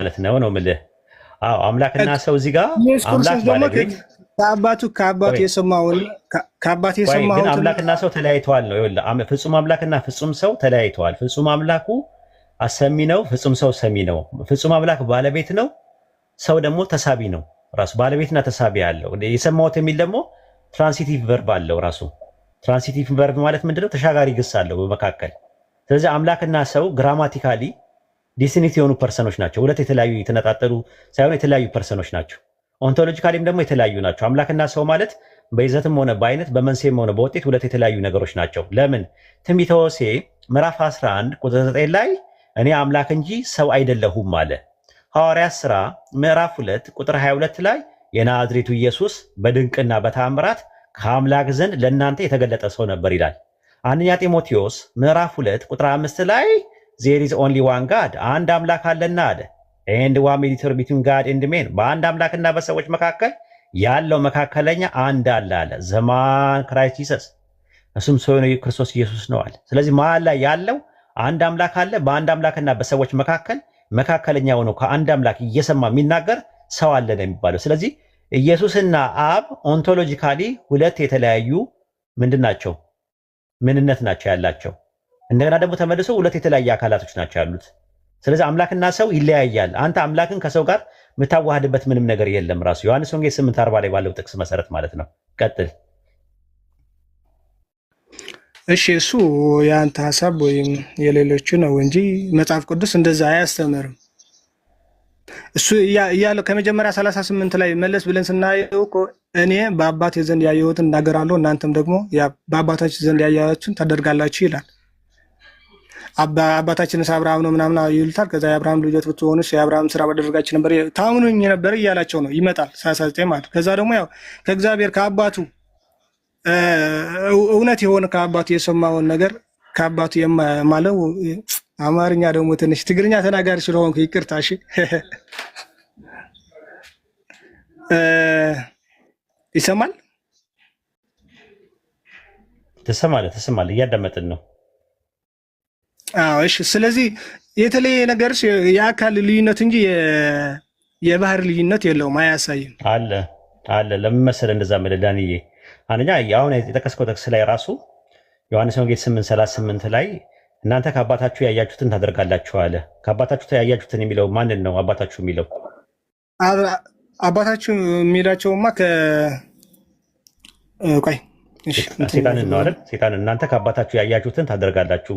ማለት ነው ነው የምልህ። አዎ አምላክና ሰው እዚህ ጋር ከአባቱ ከአባቱ የሰማውን ከአባቱ የሰማውን አምላክና ሰው ተለያይተዋል ነው ይኸውልህ። ፍጹም አምላክና ፍጹም ሰው ተለያይተዋል። ፍጹም አምላኩ አሰሚ ነው፣ ፍጹም ሰው ሰሚ ነው። ፍጹም አምላክ ባለቤት ነው፣ ሰው ደግሞ ተሳቢ ነው። ራሱ ባለቤትና ተሳቢ አለው። የሰማሁት የሚል ደግሞ ትራንሲቲቭ ቨርብ አለው። ራሱ ትራንሲቲቭ ቨርብ ማለት ምንድነው? ተሻጋሪ ግስ አለው በመካከል። ስለዚህ አምላክና ሰው ግራማቲካሊ ዲስኒት የሆኑ ፐርሰኖች ናቸው። ሁለት የተለያዩ የተነጣጠሉ ሳይሆን የተለያዩ ፐርሰኖች ናቸው። ኦንቶሎጂካሊም ደግሞ የተለያዩ ናቸው። አምላክና ሰው ማለት በይዘትም ሆነ በአይነት በመንስኤም ሆነ በውጤት ሁለት የተለያዩ ነገሮች ናቸው። ለምን ትንቢተ ሆሴዕ ምዕራፍ 11 ቁጥር 9 ላይ እኔ አምላክ እንጂ ሰው አይደለሁም አለ። ሐዋርያ ሥራ ምዕራፍ 2 ቁጥር 22 ላይ የናዝሬቱ ኢየሱስ በድንቅና በታምራት ከአምላክ ዘንድ ለእናንተ የተገለጠ ሰው ነበር ይላል። አንደኛ ጢሞቴዎስ ምዕራፍ 2 ቁጥር 5 ላይ ዜር ኢዝ ኦንሊ ዋን ጋድ አንድ አምላክ አለና አለ ኤንድ ዋን ሜዲተር ቢትዊን ጋድ ኤንድ ሜን በአንድ አምላክና በሰዎች መካከል ያለው መካከለኛ አንድ አለ አለ ዘማን ክራይስት ጂሰስ እሱም ሰው ክርስቶስ ኢየሱስ ነው አለ። ስለዚህ መሀል ላይ ያለው አንድ አምላክ አለ። በአንድ አምላክና በሰዎች መካከል መካከለኛ ሆኖ ከአንድ አምላክ እየሰማ የሚናገር ሰው አለ ነው የሚባለው። ስለዚህ ኢየሱስና አብ ኦንቶሎጂካሊ ሁለት የተለያዩ ምንድን ናቸው? ምንነት ናቸው ያላቸው እንደገና ደግሞ ተመልሶ ሁለት የተለያየ አካላቶች ናቸው ያሉት። ስለዚህ አምላክና ሰው ይለያያል። አንተ አምላክን ከሰው ጋር የምታዋሃድበት ምንም ነገር የለም። ራሱ ዮሐንስ ወንጌል ስምንት አርባ ላይ ባለው ጥቅስ መሰረት ማለት ነው። ቀጥል። እሺ እሱ የአንተ ሀሳብ ወይም የሌሎቹ ነው እንጂ መጽሐፍ ቅዱስ እንደዛ አያስተምርም። እሱ እያለ ከመጀመሪያ 3ሳስምንት ላይ መለስ ብለን ስናየው እኮ እኔ በአባቴ ዘንድ ያየሁትን እናገራለሁ እናንተም ደግሞ በአባታችሁ ዘንድ ያያችሁን ታደርጋላችሁ ይላል። አባታችንስ አብርሃም ነው ምናምን ይሉታል። ከዛ የአብርሃም ልጆት ብትሆኑስ የአብርሃም ስራ ባደረጋችሁ ነበር ታምኑኝ ነበር እያላቸው ነው ይመጣል። ሰላሳ ዘጠኝ ማለት ከዛ ደግሞ ያው ከእግዚአብሔር ከአባቱ እውነት የሆነ ከአባቱ የሰማውን ነገር ከአባቱ የማለው አማርኛ ደግሞ ትንሽ ትግርኛ ተናጋሪ ስለሆንኩ ይቅርታ። እሺ ይሰማል፣ ትሰማለህ፣ ትሰማለህ። እያዳመጥን ነው እሺ። ስለዚህ የተለየ ነገር የአካል ልዩነት እንጂ የባህር ልዩነት የለውም፣ አያሳይም። አለ አለ። ለምን መሰለህ እንደዛ የምልህ ዳንዬ፣ አንደኛ አሁን የጠቀስከው ጥቅስ ላይ ራሱ ዮሐንስ ወንጌል 8:38 ላይ እናንተ ከአባታችሁ ያያችሁትን ታደርጋላችሁ አለ። ከአባታችሁ ተያያችሁትን የሚለው ማንን ነው? አባታችሁ የሚለው አባታችሁ የሚላቸውማ ከ ቆይ ሴጣንን ነው አይደል? ሴጣን እናንተ ከአባታችሁ ያያችሁትን ታደርጋላችሁ፣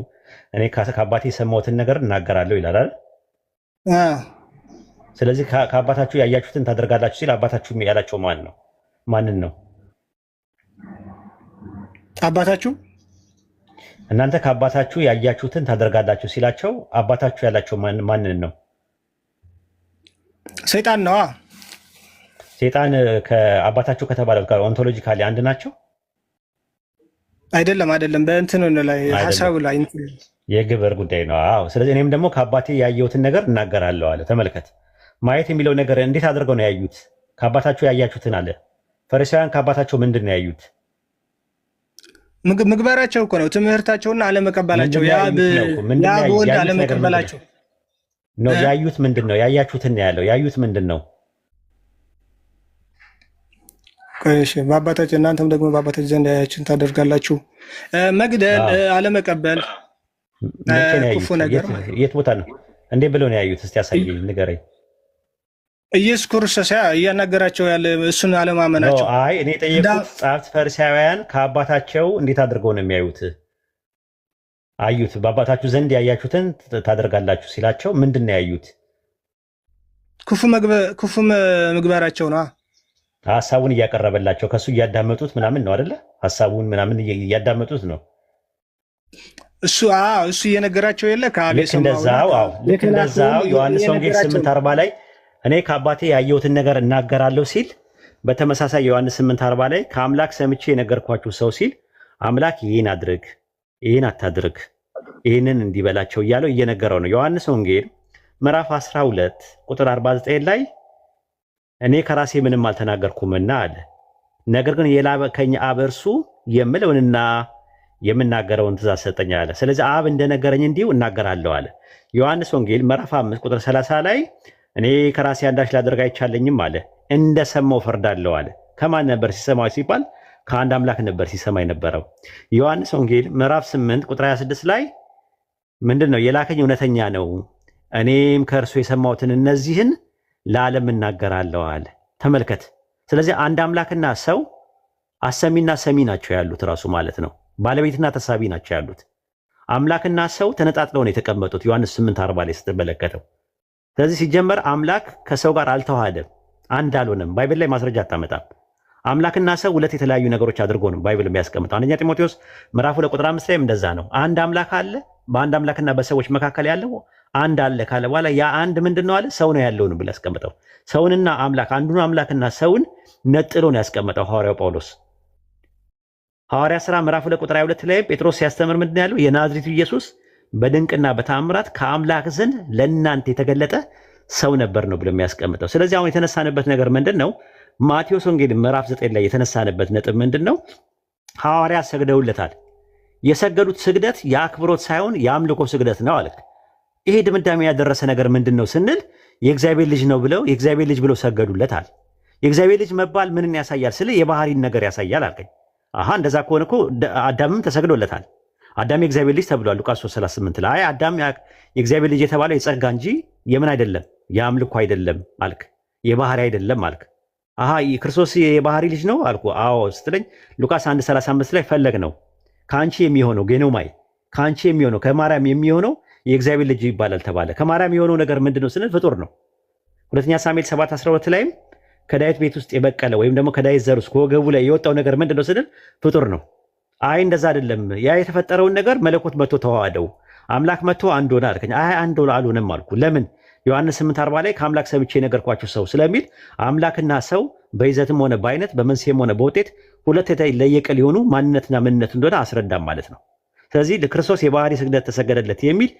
እኔ ከአባቴ የሰማሁትን ነገር እናገራለሁ ይላል አይደል? ስለዚህ ከአባታችሁ ያያችሁትን ታደርጋላችሁ ሲል አባታችሁ ያላቸው ማን ነው? ማንን ነው? አባታችሁ እናንተ ከአባታችሁ ያያችሁትን ታደርጋላችሁ ሲላቸው አባታችሁ ያላቸው ማንን ነው? ሴጣን ነዋ። ሴጣን ከአባታችሁ ከተባለ ጋር ኦንቶሎጂካሊ አንድ ናቸው? አይደለም አይደለም፣ በእንትኑ ላይ ሀሳቡ ላይ የግብር ጉዳይ ነው። አዎ። ስለዚህ እኔም ደግሞ ከአባቴ ያየሁትን ነገር እናገራለሁ አለ። ተመልከት፣ ማየት የሚለው ነገር እንዴት አድርገው ነው ያዩት? ከአባታቸው ያያችሁትን አለ። ፈሪሳውያን ከአባታቸው ምንድን ነው ያዩት? ምግባራቸው እኮ ነው፣ ትምህርታቸውና አለመቀበላቸው፣ የአብ ወልድ አለመቀበላቸው ነው ያዩት። ምንድን ነው ያያችሁትን? ያለው ያዩት ምንድን ነው እሺ በአባታችን እናንተም ደግሞ በአባታችን ዘንድ ያያችን ታደርጋላችሁ። መግደል፣ አለመቀበል፣ ክፉ ነገር የት ቦታ ነው? እንዴ ብለው ነው ያዩት? እስቲ ያሳይ ንገረኝ። ኢየሱስ ክርስቶስ እያናገራቸው ያለ እሱን አለማመናቸው። አይ እኔ ጠየቁት ጸሐፍት ፈሪሳውያን ከአባታቸው እንዴት አድርገው ነው የሚያዩት? አዩት በአባታችሁ ዘንድ ያያችሁትን ታደርጋላችሁ ሲላቸው ምንድን ነው ያዩት? ክፉ ምግባራቸው ነዋ። ሀሳቡን እያቀረበላቸው ከሱ እያዳመጡት ምናምን ነው አደለ ሀሳቡን ምናምን እያዳመጡት ነው እሱ እሱ እየነገራቸው የለ ልክ እንደዛው ልክ እንደዛው ዮሐንስ ወንጌል ስምንት አርባ ላይ እኔ ከአባቴ ያየሁትን ነገር እናገራለሁ ሲል በተመሳሳይ ዮሐንስ ስምንት አርባ ላይ ከአምላክ ሰምቼ የነገርኳችሁ ሰው ሲል አምላክ ይህን አድርግ፣ ይህን አታድርግ፣ ይህንን እንዲበላቸው እያለው እየነገረው ነው። ዮሐንስ ወንጌል ምዕራፍ 12 ቁጥር 49 ላይ እኔ ከራሴ ምንም አልተናገርኩምና አለ። ነገር ግን የላከኝ አብ እርሱ የምለውንና የምናገረውን ትእዛዝ ሰጠኝ አለ። ስለዚህ አብ እንደነገረኝ እንዲሁ እናገራለሁ አለ። ዮሐንስ ወንጌል ምዕራፍ አምስት ቁጥር ሰላሳ ላይ እኔ ከራሴ አንዳች ላደርግ አይቻለኝም አለ፣ እንደሰማው ፈርዳለሁ አለ። ከማን ነበር ሲሰማ ሲባል ከአንድ አምላክ ነበር ሲሰማ የነበረው። ዮሐንስ ወንጌል ምዕራፍ ስምንት ቁጥር 26 ላይ ምንድን ነው የላከኝ እውነተኛ ነው፣ እኔም ከእርሱ የሰማሁትን እነዚህን ለዓለም እናገራለሁ አለ። ተመልከት። ስለዚህ አንድ አምላክና ሰው አሰሚና ሰሚ ናቸው ያሉት ራሱ ማለት ነው። ባለቤትና ተሳቢ ናቸው ያሉት። አምላክና ሰው ተነጣጥለው ነው የተቀመጡት። ዮሐንስ 8:40 ላይ ስትመለከተው። ስለዚህ ሲጀመር አምላክ ከሰው ጋር አልተዋሃደም፣ አንድ አልሆነም። ባይብል ላይ ማስረጃ አታመጣም። አምላክና ሰው ሁለት የተለያዩ ነገሮች አድርጎ ነው ባይብል የሚያስቀምጠው። አንደኛ ጢሞቴዎስ ምዕራፍ ሁለት ቁጥር አምስት ላይም እንደዛ ነው። አንድ አምላክ አለ፣ በአንድ አምላክና በሰዎች መካከል ያለው አንድ አለ ካለ በኋላ ያ አንድ ምንድን ነው አለ? ሰው ነው ነው ብሎ ያስቀምጠው። ሰውንና አምላክ አንዱን አምላክና ሰውን ነጥሎ ነው ያስቀምጠው ሐዋርያው ጳውሎስ። ሐዋርያ ሥራ ምዕራፍ ሁለት ቁጥር 22 ላይ ጴጥሮስ ሲያስተምር ምንድን ያለው? የናዝሬቱ ኢየሱስ በድንቅና በታምራት ከአምላክ ዘንድ ለእናንተ የተገለጠ ሰው ነበር ነው ብሎ የሚያስቀምጠው። ስለዚህ አሁን የተነሳንበት ነገር ምንድን ነው? ማቴዎስ ወንጌል ምዕራፍ ዘጠኝ ላይ የተነሳንበት ነጥብ ምንድን ነው? ሐዋርያ ሰግደውለታል። የሰገዱት ስግደት የአክብሮት ሳይሆን የአምልኮ ስግደት ነው አለ። ይሄ ድምዳሜ ያደረሰ ነገር ምንድን ነው ስንል የእግዚአብሔር ልጅ ነው ብለው የእግዚአብሔር ልጅ ብለው ሰገዱለታል። የእግዚአብሔር ልጅ መባል ምንን ያሳያል ስል የባህሪን ነገር ያሳያል አልከኝ። አሃ እንደዛ ከሆነ እኮ አዳምም ተሰግዶለታል። አዳም የእግዚአብሔር ልጅ ተብሏል ሉቃስ 38 ላይ አዳም የእግዚአብሔር ልጅ የተባለው የጸጋ እንጂ የምን አይደለም የአምልኮ አይደለም አልክ፣ የባህሪ አይደለም አልክ። አሀ ክርስቶስ የባህሪ ልጅ ነው አልኩ። አዎ ስትለኝ ሉቃስ 35 ላይ ፈለግ ነው ከአንቺ የሚሆነው ጌኖማይ ከአንቺ የሚሆነው ከማርያም የሚሆነው የእግዚአብሔር ልጅ ይባላል ተባለ። ከማርያም የሆነው ነገር ምንድነው ስንል ፍጡር ነው። ሁለተኛ ሳሙኤል 12 ላይም ከዳዊት ቤት ውስጥ የበቀለ ወይም ደግሞ ከዳዊት ዘር ውስጥ ከወገቡ ላይ የወጣው ነገር ምንድነው ስንል ፍጡር ነው። አይ እንደዛ አይደለም፣ ያ የተፈጠረውን ነገር መለኮት መጥቶ ተዋደው አምላክ መጥቶ አንድ ሆነ አልከኝ። አይ አንድ አልሆነም አልኩ። ለምን ዮሐንስ 8:40 ላይ ከአምላክ ሰምቼ የነገርኳችሁ ሰው ስለሚል አምላክና ሰው በይዘትም ሆነ በአይነት በመንስኤም ሆነ በውጤት ሁለት የተለየቀ ሊሆኑ ማንነትና ምንነት እንደሆነ አስረዳም ማለት ነው። ስለዚህ ለክርስቶስ የባህሪ ስግደት ተሰገደለት የሚል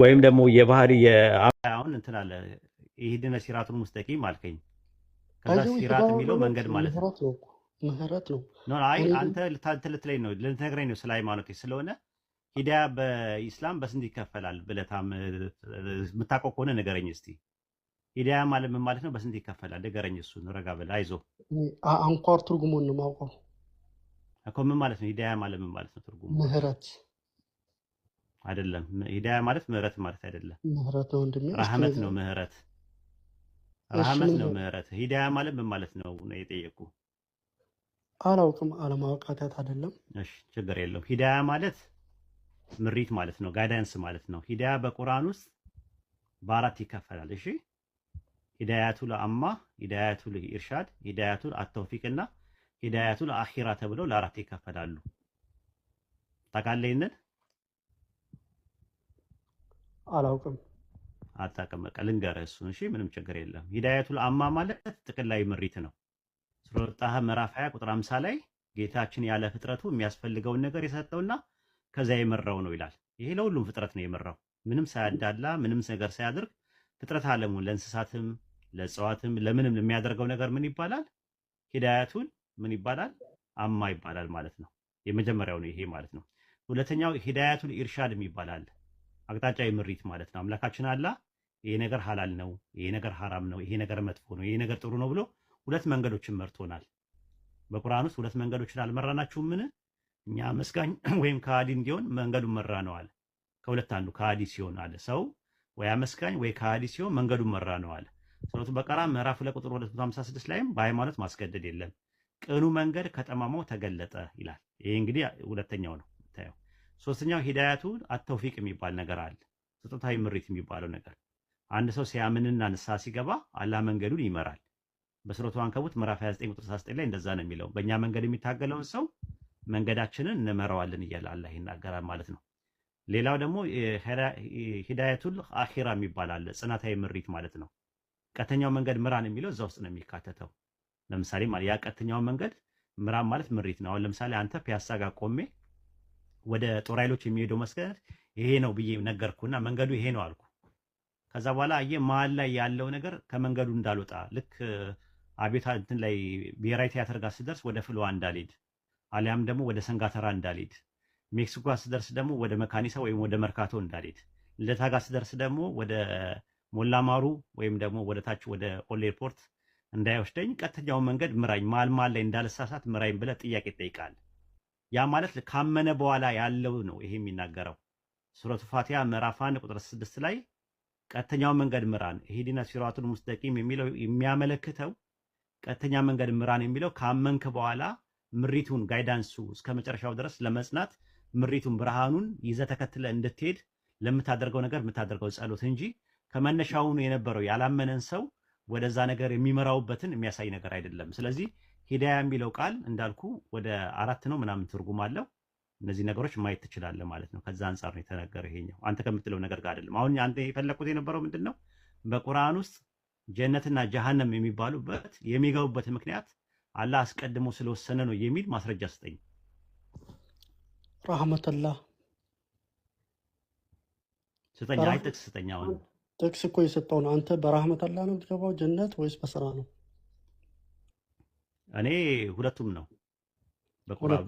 ወይም ደግሞ የባህሪ አሁን እንትን አለ ይሄድነ ሲራቱን ሙስተቂም አልከኝ። ከዛ ሲራት የሚለው መንገድ ማለት ነው። ምህረት ነው። አይ አንተ ልትለኝ ነው ልትነግረኝ ነው ስለ ሃይማኖት ስለሆነ ሂዳያ በኢስላም በስንት ይከፈላል ብለታም የምታውቀው ከሆነ ንገረኝ እስቲ። ሂዳያ ማለት ምን ማለት ነው? በስንት ይከፈላል? ንገረኝ። እሱ ረጋ ብለህ አይዞህ። አንኳር ትርጉሙን ነው የማውቀው እኮ። ምን ማለት ነው ሂዳያ ማለት ምን ማለት ነው? ትርጉሙ ምህረት አይደለም። ሂዳያ ማለት ምህረት ማለት አይደለም። ምህረት ነው ወንድሜ፣ ረህመት ነው ምህረት፣ ረህመት ነው ምህረት። ሂዳያ ማለት ምን ማለት ነው ነው የጠየቁ። አላውቅም፣ አለማወቅ ኃጢአት አይደለም። እሺ፣ ችግር የለውም። ሂዳያ ማለት ምሪት ማለት ነው፣ ጋይዳንስ ማለት ነው። ሂዳያ በቁርአን ውስጥ በአራት ይከፈላል። እሺ ሂዳያቱል አማ፣ ሂዳያቱል ኢርሻድ፣ ሂዳያቱል አተውፊቅ እና ሂዳያቱል አኺራ ተብለው ለአራት ይከፈላሉ። ታውቃለህ? አላውቅም። አታውቅም። በቃ ልንገርህ እሱን። እሺ ምንም ችግር የለም። ሂዳያቱል አማ ማለት ጥቅላዊ ምሪት ነው። ሱረቱ ጣሃ ምዕራፍ 20 ቁጥር 50 ላይ ጌታችን ያለ ፍጥረቱ የሚያስፈልገውን ነገር የሰጠውና ከዚያ የመራው ነው ይላል። ይሄ ለሁሉም ፍጥረት ነው የመራው። ምንም ሳያዳላ ምንም ነገር ሳያደርግ ፍጥረት ዓለሙን ለእንስሳትም፣ ለእጽዋትም ለምንም የሚያደርገው ነገር ምን ይባላል? ሂዳያቱን ምን ይባላል? አማ ይባላል ማለት ነው። የመጀመሪያው ነው ይሄ ማለት ነው። ሁለተኛው ሂዳያቱን ኢርሻድም ይባላል። አቅጣጫዊ ምሪት ማለት ነው። አምላካችን አላ ይሄ ነገር ሀላል ነው፣ ይሄ ነገር ሀራም ነው፣ ይሄ ነገር መጥፎ ነው፣ ይሄ ነገር ጥሩ ነው ብሎ ሁለት መንገዶችን መርቶናል። በቁርአን ውስጥ ሁለት መንገዶችን አልመራናችሁም ምን እኛ አመስጋኝ ወይም ከሃዲ እንዲሆን መንገዱን መራ ነው አለ። ከሁለት አንዱ ከሃዲ ሲሆን አለ ሰው ወይ አመስጋኝ ወይ ከሃዲ ሲሆን መንገዱን መራ ነው አለ። ሱረቱ በቀራ ምዕራፍ ሁለት ቁጥር 256 ላይም በሃይማኖት ማስገደድ የለም ቅኑ መንገድ ከጠማማው ተገለጠ ይላል። ይሄ እንግዲህ ሁለተኛው ነው ታየው። ሶስተኛው ሂዳያቱ አተውፊቅ የሚባል ነገር አለ። ስጦታዊ ምሪት የሚባለው ነገር አንድ ሰው ሲያምንና ንስሐ ሲገባ አላህ መንገዱን ይመራል። በሱረቱ አንከቡት ምዕራፍ 29 ቁጥር 39 ላይ እንደዛ ነው የሚለው። በእኛ መንገድ የሚታገለውን ሰው መንገዳችንን እንመራዋለን እያለ አላህ ይናገራል ማለት ነው። ሌላው ደግሞ ሂዳየቱል አኺራ የሚባል አለ፣ ጽናታዊ ምሪት ማለት ነው። ቀጥተኛው መንገድ ምራን የሚለው እዛ ውስጥ ነው የሚካተተው። ለምሳሌ ማለት ያ ቀጥተኛውን መንገድ ምራን ማለት ምሪት ነው። አሁን ለምሳሌ አንተ ፒያሳ ጋር ቆሜ ወደ ጦር ኃይሎች የሚሄደው መስገድ ይሄ ነው ብዬ ነገርኩና መንገዱ ይሄ ነው አልኩ። ከዛ በኋላ አየ መሀል ላይ ያለው ነገር ከመንገዱ እንዳልወጣ ልክ አቤት እንትን ላይ ብሔራዊ ቲያትር ጋር ስደርስ ወደ ፍልዋ እንዳልሄድ አሊያም ደግሞ ወደ ሰንጋተራ እንዳልሄድ፣ ሜክሲኮ ስደርስ ደግሞ ወደ መካኒሳ ወይም ወደ መርካቶ እንዳልሄድ፣ ልደታ ጋር ስደርስ ደግሞ ወደ ሞላማሩ ወይም ደግሞ ወደ ታች ወደ ኦል ኤርፖርት እንዳይወስደኝ ቀጥተኛውን መንገድ ምራኝ፣ መሀል መሀል ላይ እንዳልሳሳት ምራኝ ብለህ ጥያቄ ይጠይቃል። ያ ማለት ካመነ በኋላ ያለው ነው። ይሄ የሚናገረው ሱረቱ ፋቲሃ ምዕራፍ አንድ ቁጥር ስድስት ላይ ቀጥተኛው መንገድ ምራን ኢህዲነ ሲራቱል ሙስተቂም የሚለው የሚያመለክተው ቀጥተኛ መንገድ ምራን የሚለው ካመንክ በኋላ ምሪቱን ጋይዳንሱ እስከ መጨረሻው ድረስ ለመጽናት ምሪቱን ብርሃኑን ይዘ ተከትለ እንድትሄድ ለምታደርገው ነገር የምታደርገው ጸሎት እንጂ ከመነሻውኑ የነበረው ያላመነን ሰው ወደዛ ነገር የሚመራውበትን የሚያሳይ ነገር አይደለም። ስለዚህ ሂዳያ የሚለው ቃል እንዳልኩ ወደ አራት ነው ምናምን ትርጉም አለው። እነዚህ ነገሮች ማየት ትችላለህ ማለት ነው። ከዛ አንጻር ነው የተነገረ ይሄኛው አንተ ከምትለው ነገር ጋር አይደለም። አሁን አንተ የፈለግኩት የነበረው ምንድን ነው በቁርአን ውስጥ ጀነትና ጀሃነም የሚባሉበት የሚገቡበት ምክንያት አላህ አስቀድሞ ስለወሰነ ነው የሚል ማስረጃ ስጠኝ። ረህመተላህ ስጠኝ። አይ ጥቅስ ስጠኝ። አሁን ጥቅስ እኮ የሰጠው ነው። አንተ በረህመተላህ ነው የምትገባው ጀነት ወይስ በስራ ነው? እኔ ሁለቱም ነው፣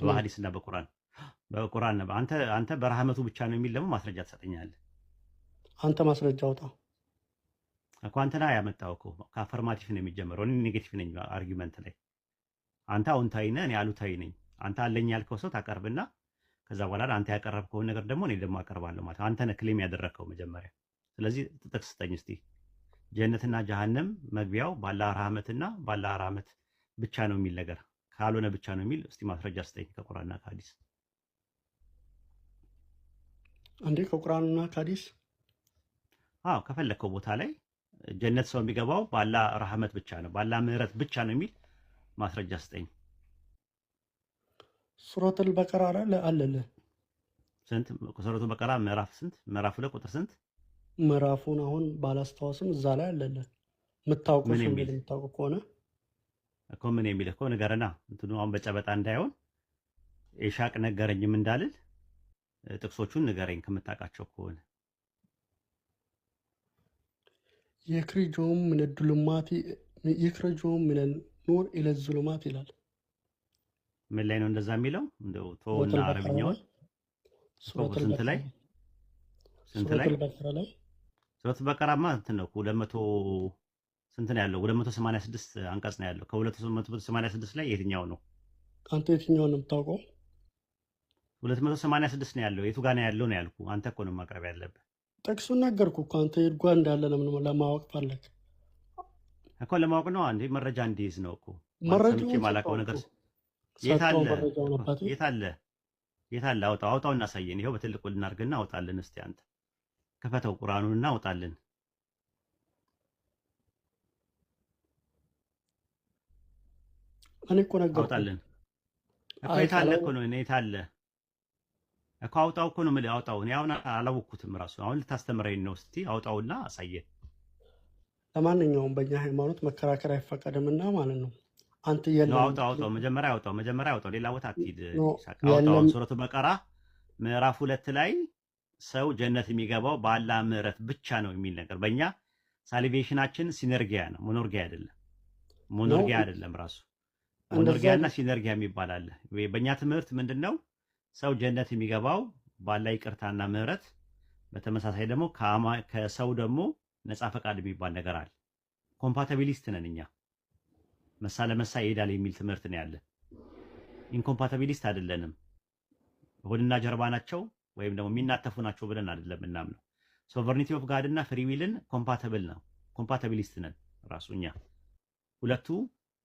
በሀዲስ እና በቁርአን በቁርአን ነው። አንተ አንተ በረህመቱ ብቻ ነው የሚል ደግሞ ማስረጃ ትሰጠኛለህ። አንተ ማስረጃ አውጣ እኮ አንተና ያመጣው እኮ ከአፈርማቲቭ ነው የሚጀምረው። እኔ ኔጌቲቭ ነኝ አርጊመንት ላይ አንተ አዎንታዊ ነህ፣ እኔ አሉታዊ ነኝ። አንተ አለኝ ያልከው ሰው ታቀርብና ከዛ በኋላ አንተ ያቀረብከውን ነገር ደግሞ እኔ ደግሞ አቀርባለሁ ማለት አንተ ነህ ክሌም ያደረግከው መጀመሪያ። ስለዚህ ጥቅስ ስጠኝ እስቲ። ጀነትና ጀሃነም መግቢያው ባላ ረህመትና ባላህ ረህመት ብቻ ነው የሚል ነገር ካልሆነ ብቻ ነው የሚል እስቲ ማስረጃ ስጠኝ ከቁርአንና ከሐዲስ። እንዴ ከቁርአንና ከሐዲስ? አዎ ከፈለግከው ቦታ ላይ ጀነት ሰው የሚገባው ባላ ረህመት ብቻ ነው ባላ ምህረት ብቻ ነው የሚል ማስረጃ ስጠኝ። ሱረቱል በቀራ ላይ አለለ ስንት ሱረቱል በቀራ ምዕራፍ ስንት ምዕራፍ ሁለት ቁጥር ስንት ምዕራፉን አሁን ባላስታወስም እዛ ላይ አለለ የምታውቁ የምታውቁ ከሆነ እኮ ምን የሚል እኮ ንገረና እንትኑ አሁን በጨበጣ እንዳይሆን ኢሻቅ ነገረኝም እንዳልል ጥቅሶቹን ንገረኝ ከምታውቃቸው ከሆነ የክሪጆም ምን ዱልማቲ የክሪጆም ምን ኑር ኢለ ዙሉማት ይላል። ምን ላይ ነው እንደዛ የሚለው? እንደው ተወውና አረብኛውን ስንት ላይ ስንት ላይ ሱረት በቀራማ እንትን ነው ሁለት መቶ ስንት ነው ያለው? ሁለት መቶ ሰማንያ ስድስት አንቀጽ ነው ያለው። ከሁለት መቶ ሰማንያ ስድስት ላይ የትኛው ነው አንተ የትኛው ነው የምታውቀው? ሁለት መቶ ሰማንያ ስድስት ነው ያለው። የቱ ጋር ነው ያለው ነው ያልኩህ። አንተ እኮ ነው ማቅረብ ያለብህ። ጥቅሱን ነገርኩ እኮ አንተ የት እንዳለ ለምን ለማወቅ ፈለግ እኮ ለማወቅ ነው። አንዴ መረጃ እንዲይዝ ነው እኮ መረጃ ማላውቀው ነገር የታለ የታለ? አውጣው አውጣው፣ እናሳየን። ይኸው በትልቁ ልናርግና አውጣልን። እስቲ አንተ ከፈተው ቁርአኑንና አውጣልን። እኔ እኮ ነገር አውጣልን እኮ የታለ እኮ ነው። እኔ የታለ እኮ አውጣው እኮ ነው የምልህ። አውጣው። እኔ አሁን አላወኩትም ራሱ። አሁን ልታስተምረኝ ነው። እስቲ አውጣውና አሳየን። ለማንኛውም በእኛ ሃይማኖት መከራከር አይፈቀድም እና ማለት ነው። አንተ የለም መጀመሪያ አውጣው፣ መጀመሪያ አውጣው፣ ሌላ ቦታ አትሂድ። አውጣውን ሱረቱ በቀራ ምዕራፍ ሁለት ላይ ሰው ጀነት የሚገባው በአላ ምዕረት ብቻ ነው የሚል ነገር በእኛ ሳሊቬሽናችን ሲነርጊያ ነው፣ ሞኖርጊያ አይደለም። ሞኖርጊያ አይደለም ራሱ ሞኖርጊያ እና ሲነርጊያ የሚባል አለ። በእኛ ትምህርት ምንድን ነው ሰው ጀነት የሚገባው ባላ ይቅርታና ምሕረት፣ በተመሳሳይ ደግሞ ከሰው ደግሞ ነፃ ፈቃድ የሚባል ነገር አለ። ኮምፓታቢሊስት ነን እኛ። መሳ ለመሳ ይሄዳል የሚል ትምህርት ነው ያለ። ኢንኮምፓታቢሊስት አይደለንም። ሆድና ጀርባ ናቸው ወይም ደግሞ የሚናተፉ ናቸው ብለን አይደለም ምናምነው። ሶቨርኒቲ ኦፍ ጋድ እና ፍሪዊልን ኮምፓታብል ነው። ኮምፓታቢሊስት ነን ራሱ እኛ። ሁለቱ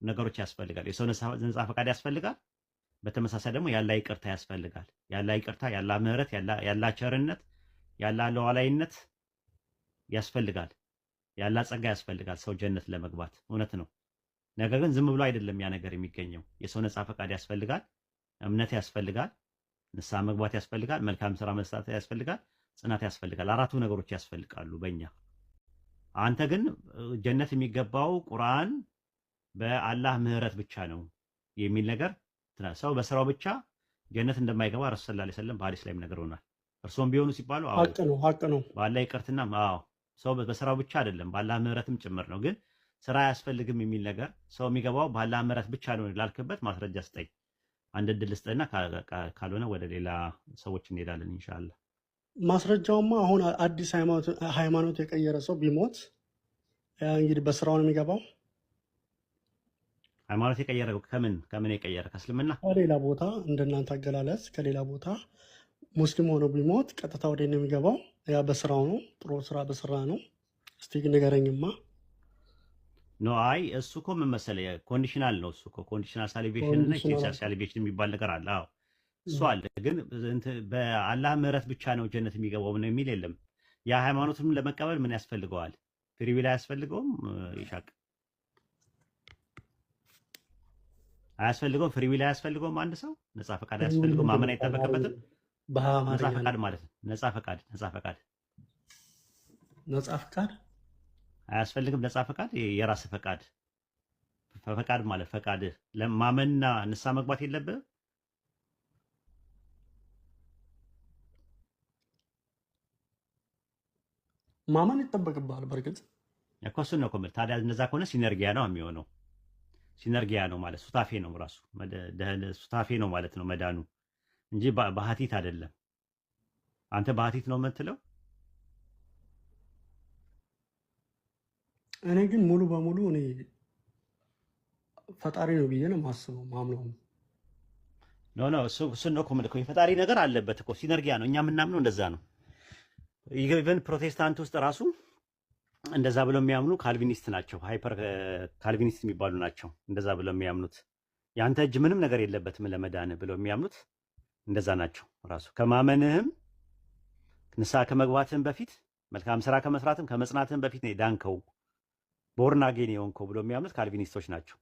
ነገሮች ያስፈልጋል። የሰው ነፃ ፈቃድ ያስፈልጋል። በተመሳሳይ ደግሞ ያላ ይቅርታ ያስፈልጋል። ያላ ይቅርታ፣ ያላ ምህረት፣ ያላ ቸርነት፣ ያላ ለዋላይነት ያስፈልጋል። ያላ ጸጋ ያስፈልጋል ሰው ጀነት ለመግባት እውነት ነው። ነገር ግን ዝም ብሎ አይደለም ያ ነገር የሚገኘው። የሰው ነጻ ፈቃድ ያስፈልጋል፣ እምነት ያስፈልጋል፣ ንስሐ መግባት ያስፈልጋል፣ መልካም ስራ መስራት ያስፈልጋል፣ ጽናት ያስፈልጋል። አራቱ ነገሮች ያስፈልጋሉ በእኛ አንተ ግን ጀነት የሚገባው ቁርአን በአላህ ምህረት ብቻ ነው የሚል ነገር ሰው በስራው ብቻ ጀነት እንደማይገባ ረሱል ሰለላሁ ዐለይሂ ወሰለም በሐዲስ ላይም ነገር እርሶም ቢሆኑ ሲባሉ አዎ ነው፣ ሐቅ ነው። በአላህ ይቅርትና አዎ ሰው በስራው ብቻ አይደለም ባላ ምህረትም ጭምር ነው። ግን ስራ አያስፈልግም የሚል ነገር ሰው የሚገባው ባላ ምህረት ብቻ ነው ላልክበት ማስረጃ ስጠኝ። አንድ እድል ስጠና ካልሆነ ወደ ሌላ ሰዎች እንሄዳለን። ኢንሻላህ ማስረጃውማ አሁን አዲስ ሃይማኖት የቀየረ ሰው ቢሞት እንግዲህ በስራው ነው የሚገባው። ሃይማኖት የቀየረ ከምን ከምን የቀየረ ከእስልምና ከሌላ ቦታ እንደናንተ አገላለጽ ከሌላ ቦታ ሙስሊም ሆኖ ቢሞት ቀጥታ ወደ ነው የሚገባው ያ በስራው ነው። ጥሩ ስራ በስራ ነው። እስቲ ንገረኝማ። ኖ አይ እሱ እኮ ምን መሰለህ ኮንዲሽናል ነው። እሱ እኮ ኮንዲሽናል ሳሊቬሽን እና ኢሴንሻል ሳሊቬሽን የሚባል ነገር አለ። አዎ እሱ አለ። ግን በአላህ ምሕረት ብቻ ነው ጀነት የሚገባው ነው የሚል የለም። ያ ሃይማኖትም ለመቀበል ምን ያስፈልገዋል? ፍሪዊል አያስፈልገውም። ይሻቅ አያስፈልገውም። ፍሪዊል አያስፈልገውም። አንድ ሰው ነጻ ፈቃድ አያስፈልገውም። ማመን አይጠበቅበትም። ነፃ ፈቃድ ማለት ነው። ነፃ ፈቃድ ነፃ ፈቃድ ነፃ ፈቃድ አያስፈልግም። ነፃ ፈቃድ የራስ ፈቃድ ፈቃድ ማለት ፈቃድ ለማመንና ንስሓ መግባት የለብህም። ማመን ይጠበቅብሃል። በእርግጥ እኮ እሱን ነው ኮምል። ታዲያ እነዛ ከሆነ ሲነርጊያ ነው የሚሆነው። ሲነርጊያ ነው ማለት ሱታፌ ነው ራሱ ሱታፌ ነው ማለት ነው መዳኑ እንጂ ባህቲት አይደለም። አንተ ባህቲት ነው የምትለው። እኔ ግን ሙሉ በሙሉ እኔ ፈጣሪ ነው ብዬ ነው ማስበው ማምነው። ኖ ኖ እሱ ነው እኮ የፈጣሪ ነገር አለበት እኮ ሲነርጊያ ነው እኛ የምናምነው እንደዛ ነው። ኢቨን ፕሮቴስታንት ውስጥ ራሱ እንደዛ ብለው የሚያምኑ ካልቪኒስት ናቸው፣ ሃይፐር ካልቪኒስት የሚባሉ ናቸው። እንደዛ ብለው የሚያምኑት የአንተ እጅ ምንም ነገር የለበትም ለመዳን ብለው የሚያምኑት እንደዛ ናቸው። ራሱ ከማመንህም ንስሐ ከመግባትህም በፊት መልካም ስራ ከመስራትም ከመጽናትህም በፊት ነው ዳንከው ቦርናጌን የሆንከው ብሎ የሚያምኑት ካልቪኒስቶች ናቸው።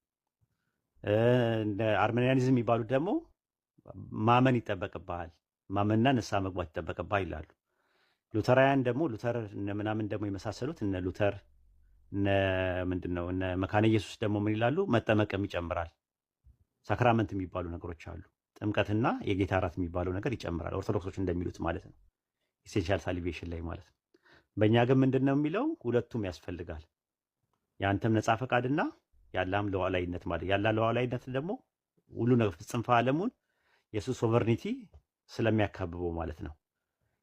አርሜኒያኒዝም የሚባሉት ደግሞ ማመን ይጠበቅብሃል፣ ማመንና ንስሐ መግባት ይጠበቅብሃል ይላሉ። ሉተራውያን ደግሞ ሉተር ምናምን ደግሞ የመሳሰሉት እነ ሉተር ምንድን ነው እነ መካነ ኢየሱስ ደግሞ ምን ይላሉ? መጠመቅም ይጨምራል። ሳክራመንት የሚባሉ ነገሮች አሉ። ጥምቀትና የጌታ እራት የሚባለው ነገር ይጨምራል። ኦርቶዶክሶች እንደሚሉት ማለት ነው፣ ኢሴንሻል ሳሊቬሽን ላይ ማለት ነው። በእኛ ግን ምንድን ነው የሚለው ሁለቱም ያስፈልጋል። የአንተም ነጻ ፈቃድና ያላም ለዋላይነት ማለት ያላ ለዋላይነት ደግሞ ሁሉ ነገር ጽንፈ ዓለሙን የእሱ ሶቨርኒቲ ስለሚያካብበው ማለት ነው።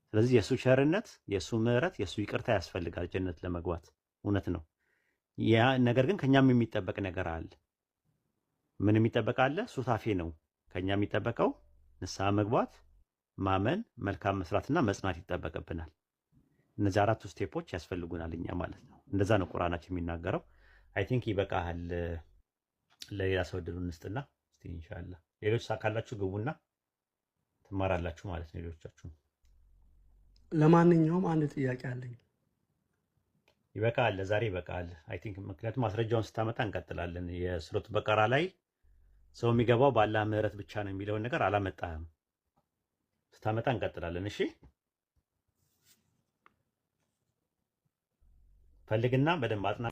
ስለዚህ የእሱ ቸርነት፣ የእሱ ምሕረት፣ የእሱ ይቅርታ ያስፈልጋል ጀነት ለመግባት እውነት ነው። ያ ነገር ግን ከእኛም የሚጠበቅ ነገር አለ። ምን የሚጠበቅ አለ? ሱታፌ ነው ከኛ የሚጠበቀው ንስሐ መግባት፣ ማመን፣ መልካም መስራትና መጽናት ይጠበቅብናል። እነዚህ አራቱ ስቴፖች ያስፈልጉናል እኛ ማለት ነው። እንደዛ ነው ቁርአናችን የሚናገረው። አይ ቲንክ ይበቃሃል። ለሌላ ሰው እድሉን እንስጥና እስቲ ኢንሻአላ ሌሎች ካላችሁ ግቡና ትማራላችሁ ማለት ነው። ሌሎቻችሁ ለማንኛውም አንድ ጥያቄ አለኝ። ይበቃል፣ ለዛሬ ይበቃል። አይ ቲንክ ምክንያቱም ማስረጃውን ስታመጣ እንቀጥላለን። የሱረቱ በቀራ ላይ ሰው የሚገባው በአላህ ምህረት ብቻ ነው የሚለውን ነገር አላመጣህም። ስታመጣ እንቀጥላለን። እሺ ፈልግና በደንብ አጥና።